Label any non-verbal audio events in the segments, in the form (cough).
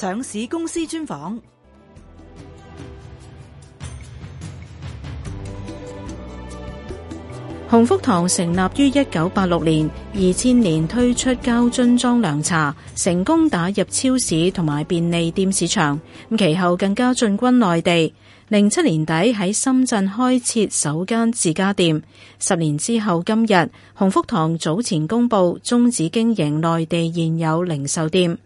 上市公司專訪。鴻福堂成立於一九八六年，二千年推出膠樽裝涼茶，成功打入超市同埋便利店市場。其後更加進軍內地，零七年底喺深圳開設首間自家店。十年之後，今日鴻福堂早前公佈終止經營內地現有零售店。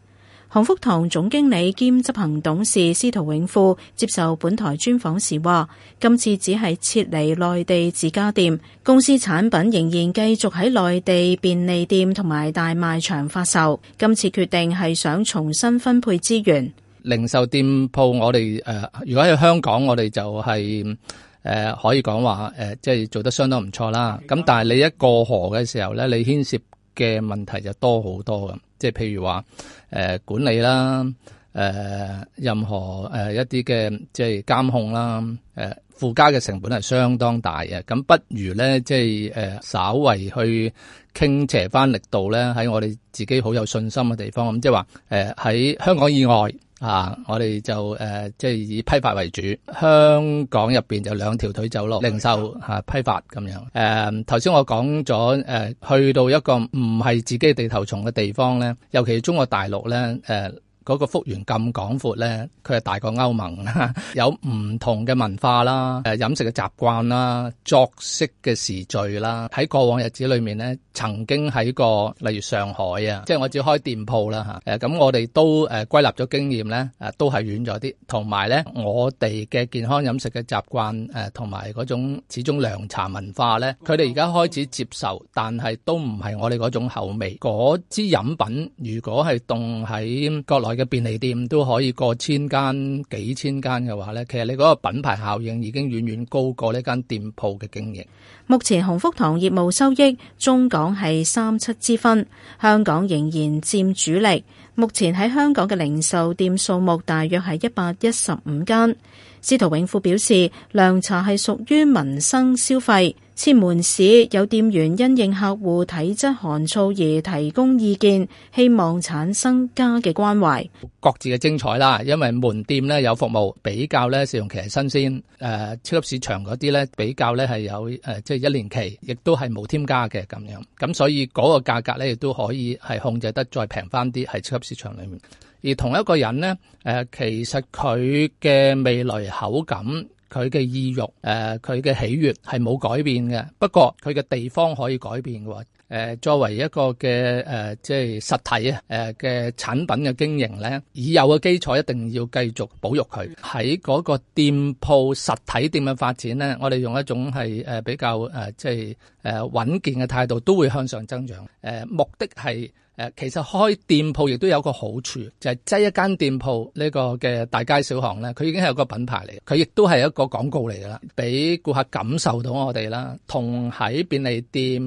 鴻福堂總經理兼執行董事司徒永富接受本台專訪時話，今次只係撤離內地自家店，公司產品仍然繼續喺內地便利店同埋大賣場發售。今次決定係想重新分配資源。零售店鋪我哋誒、呃，如果喺香港我哋就係、是、誒、呃、可以講話誒、呃，即係做得相當唔錯啦。咁他但係你一過河嘅時候咧，你牽涉嘅問題就多好多咁。即係譬如話，誒、呃、管理啦，誒、呃、任何誒、呃、一啲嘅即係監控啦，誒附加嘅成本係相當大嘅，咁不如咧即係誒、呃、稍為去傾斜翻力度咧，喺我哋自己好有信心嘅地方，咁即係話誒喺香港以外。啊！我哋就誒、呃，即係以批發為主。香港入邊就兩條腿走路，零售吓、啊、批發咁樣。誒、呃，頭先我講咗，誒、呃，去到一個唔係自己地頭蟲嘅地方咧，尤其中國大陸咧，誒、呃。嗰個幅員咁廣闊咧，佢係大過歐盟啦， (laughs) 有唔同嘅文化啦，誒飲食嘅習慣啦，作息嘅時序啦，喺過往日子裏面咧，曾經喺個例如上海啊，即係我只要開店鋪啦嚇，誒、啊、咁我哋都誒歸納咗經驗咧，誒都係遠咗啲，同埋咧我哋嘅健康飲食嘅習慣，誒同埋嗰種始終涼茶文化咧，佢哋而家開始接受，但係都唔係我哋嗰種口味，嗰支飲品如果係凍喺國內，嘅便利店都可以過千間，幾千間嘅話咧，其實你嗰個品牌效應已經遠遠高過呢間店鋪嘅經營。目前鴻福堂業務收益中港係三七之分，香港仍然佔主力。目前喺香港嘅零售店數目大約係一百一十五間。司徒永富表示，涼茶係屬於民生消費。千門市有店員因應客戶體質寒燥而提供意見，希望產生家嘅關懷。各自嘅精彩啦，因為門店呢有服務比較呢，試用期係新鮮。誒、呃，超級市場嗰啲呢比較呢係有誒，即係一年期，亦都係冇添加嘅咁樣。咁所以嗰個價格呢亦都可以係控制得再平翻啲，喺超級市場裏面。而同一個人呢，誒、呃，其實佢嘅味蕾口感。佢嘅意欲，誒佢嘅喜悅係冇改變嘅。不過佢嘅地方可以改變嘅喎、呃。作為一個嘅誒、呃，即係實體啊，誒、呃、嘅產品嘅經營咧，已有嘅基礎一定要繼續保育佢喺嗰個店鋪實體店嘅發展咧。我哋用一種係誒比較誒、呃、即係誒穩健嘅態度，都會向上增長。誒、呃、目的係。誒，其實開店鋪亦都有個好處，就係、是、擠一間店鋪呢、這個嘅大街小巷咧，佢已經係有個品牌嚟，佢亦都係一個廣告嚟噶啦，俾顧客感受到我哋啦，同喺便利店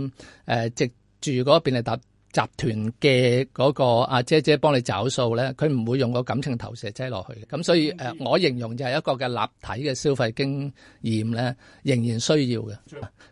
誒，直住嗰便利店。呃集團嘅嗰個阿姐姐幫你找數咧，佢唔會用個感情投射劑落去嘅。咁所以誒、嗯呃，我形容就係一個嘅立體嘅消費經驗咧，仍然需要嘅。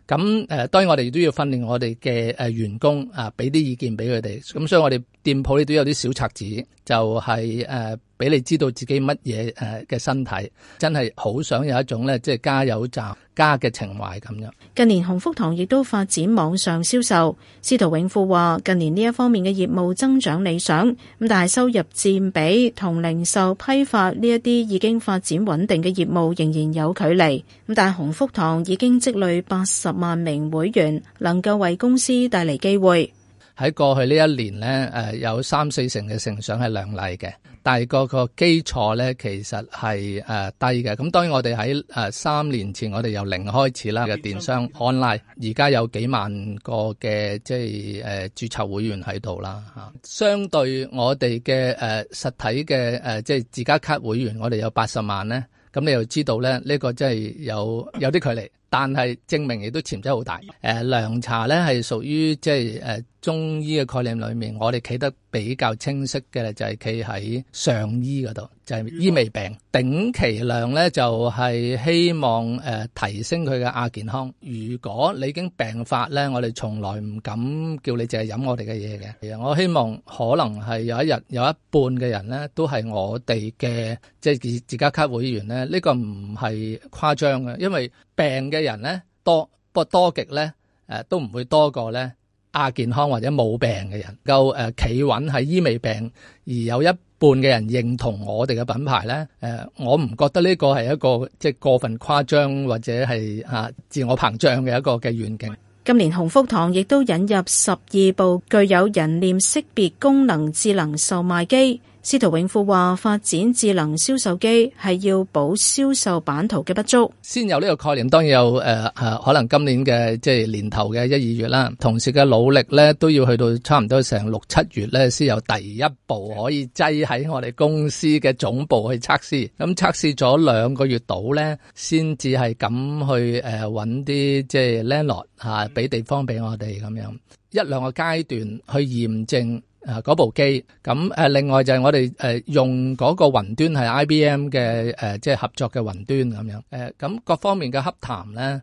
咁誒、呃，當然我哋都要訓練我哋嘅誒員工啊，俾、呃、啲意見俾佢哋。咁、呃、所以我哋店鋪呢，都有啲小冊子，就係、是、誒。呃俾你知道自己乜嘢誒嘅身體，真係好想有一種呢，即係加油站加嘅情懷咁樣。近年鴻福堂亦都發展網上銷售，司徒永富話：近年呢一方面嘅業務增長理想，咁但係收入佔比同零售批發呢一啲已經發展穩定嘅業務仍然有距離。咁但係鴻福堂已經積累八十萬名會員，能夠為公司帶嚟機會。喺過去呢一年咧，誒、呃、有三四成嘅成長係亮麗嘅，但係個個基礎咧其實係誒、呃、低嘅。咁當然我哋喺誒三年前我哋由零開始啦嘅電商 online，而家有幾萬個嘅即係誒、呃、註冊會員喺度啦嚇。相對我哋嘅誒實體嘅誒、呃、即係自家卡會員，我哋有八十萬咧。咁、嗯、你又知道咧呢、呢個即係有有啲距離，但係證明亦都潛質好大。誒、呃呃、涼茶咧係屬於即係誒。中醫嘅概念裏面，我哋企得比較清晰嘅就係企喺上醫嗰度，就係、是、醫未病。頂其量咧就係、是、希望誒、呃、提升佢嘅亞健康。如果你已經病發咧，我哋從來唔敢叫你淨係飲我哋嘅嘢嘅。係啊，我希望可能係有一日有一半嘅人咧，都係我哋嘅即係自自家卡會員咧。呢、這個唔係誇張嘅，因為病嘅人咧多不過多極咧誒、呃、都唔會多過咧。亞健康或者冇病嘅人，夠誒企穩喺醫未病，而有一半嘅人認同我哋嘅品牌呢誒、呃、我唔覺得呢個係一個即係過分誇張或者係嚇、啊、自我膨脹嘅一個嘅遠景。今年鴻福堂亦都引入十二部具有人臉識別功能智能售賣機。司徒永富話：發展智能銷售機係要補銷售版圖嘅不足，先有呢個概念。當然有誒，誒、呃，可能今年嘅即係年頭嘅一二月啦。同時嘅努力咧，都要去到差唔多成六七月咧，先有第一步可以擠喺我哋公司嘅總部去測試。咁、嗯、測試咗兩個月度咧，先至係噉去誒，揾、呃、啲即係 landlord 吓、啊，俾地方俾我哋咁樣一兩個階段去驗證。啊，嗰部機咁誒，另外就係我哋誒、啊、用嗰個雲端係 IBM 嘅誒、啊，即係合作嘅雲端咁樣誒，咁、啊、各方面嘅洽談咧誒，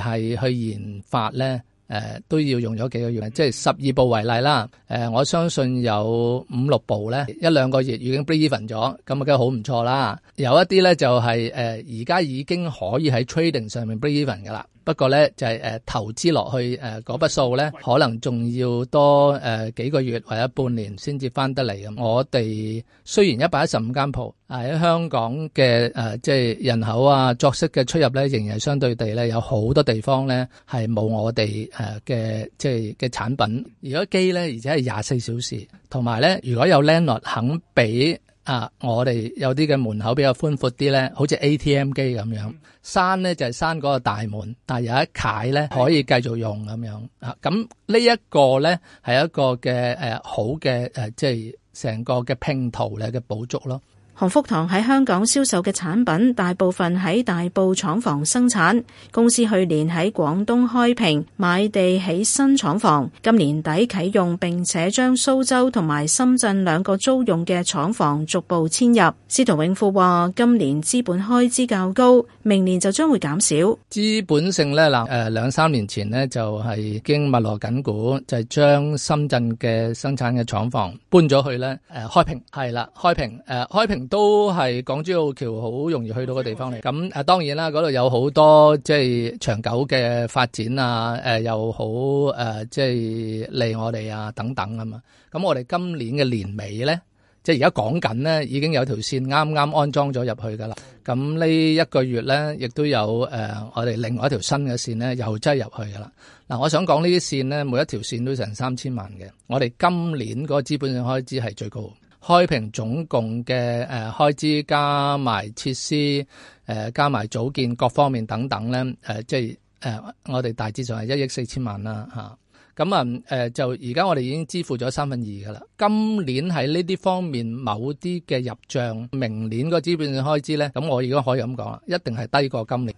而係去研發咧誒、啊，都要用咗幾個月，啊、即係十二部為例啦。誒、啊，我相信有五六部咧，一兩個月已經 break even 咗，咁啊，梗係好唔錯啦。有一啲咧就係、是、誒，而、啊、家已經可以喺 trading 上面 break even 㗎啦。不過咧就係、是、誒、啊、投資落去誒嗰筆數咧，可能仲要多誒、啊、幾個月或者半年先至返得嚟咁。我哋雖然一百一十五間鋪喺香港嘅誒、啊，即係人口啊作息嘅出入咧，仍然係相對地咧有好多地方咧係冇我哋誒嘅即係嘅產品。而家機咧而且係廿四小時，同埋咧如果有 landlord 肯俾。啊！我哋有啲嘅門口比較寬闊啲咧，好似 ATM 機咁樣，閂咧、嗯、就係、是、閂個大門，但係有一解咧可以繼續用咁樣、嗯、啊！咁、這個、呢一個咧係一個嘅誒好嘅誒、呃，即係成個嘅拼圖咧嘅補足咯。鴻福堂喺香港銷售嘅產品，大部分喺大埔廠房生產。公司去年喺廣東開平買地起新廠房，今年底啟用，並且將蘇州同埋深圳兩個租用嘅廠房逐步遷入。司徒永富話：今年資本開支較高，明年就將會減少。資本性呢嗱，誒兩三年前呢，就係、是、經物流緊管，就是、將深圳嘅生產嘅廠房搬咗去呢。誒開平係啦，開平誒開平。呃開平都係港珠澳橋好容易去到嘅地方嚟，咁啊當然啦，嗰度有好多即係長久嘅發展啊，誒、呃、又好誒、呃、即係利我哋啊等等啊嘛。咁我哋今年嘅年尾咧，即係而家講緊咧，已經有條線啱啱安裝咗入去噶啦。咁呢一個月咧，亦都有誒、呃、我哋另外一條新嘅線咧，又擠入去噶啦。嗱、啊，我想講呢啲線咧，每一條線都成三千萬嘅。我哋今年嗰個資本性開支係最高。開平總共嘅誒開支加埋設施誒、呃、加埋組建各方面等等咧，誒、呃、即係誒、呃、我哋大致上係一億四千萬啦吓。咁啊誒、啊呃、就而家我哋已經支付咗三分二噶啦。今年喺呢啲方面某啲嘅入賬明年個資本性開支咧，咁我而家可以咁講啦，一定係低過今年。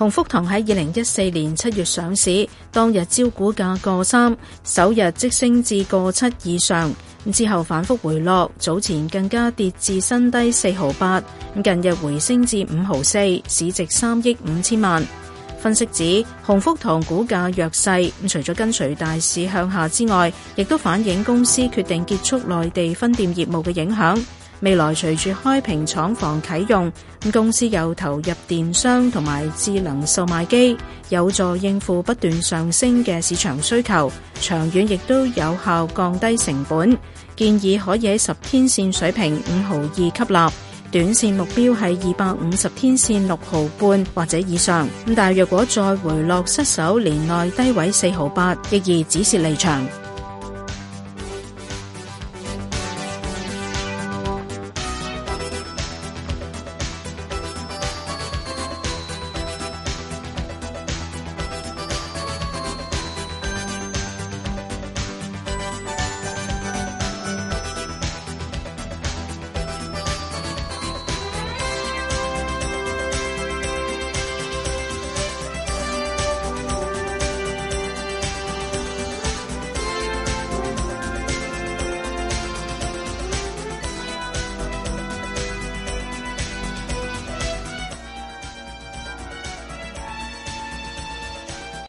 鴻福堂喺二零一四年七月上市，當日招股價過三，首日即升至過七以上，之後反覆回落，早前更加跌至新低四毫八，近日回升至五毫四，市值三億五千萬。分析指，鴻福堂股價弱勢，除咗跟隨大市向下之外，亦都反映公司決定結束內地分店業務嘅影響。未來隨住開平廠房啟用，公司又投入電商同埋智能售賣機，有助應付不斷上升嘅市場需求，長遠亦都有效降低成本。建議可以喺十天線水平五毫二吸納，短線目標係二百五十天線六毫半或者以上。咁但若果再回落失守年內低位四毫八，亦宜止蝕離場。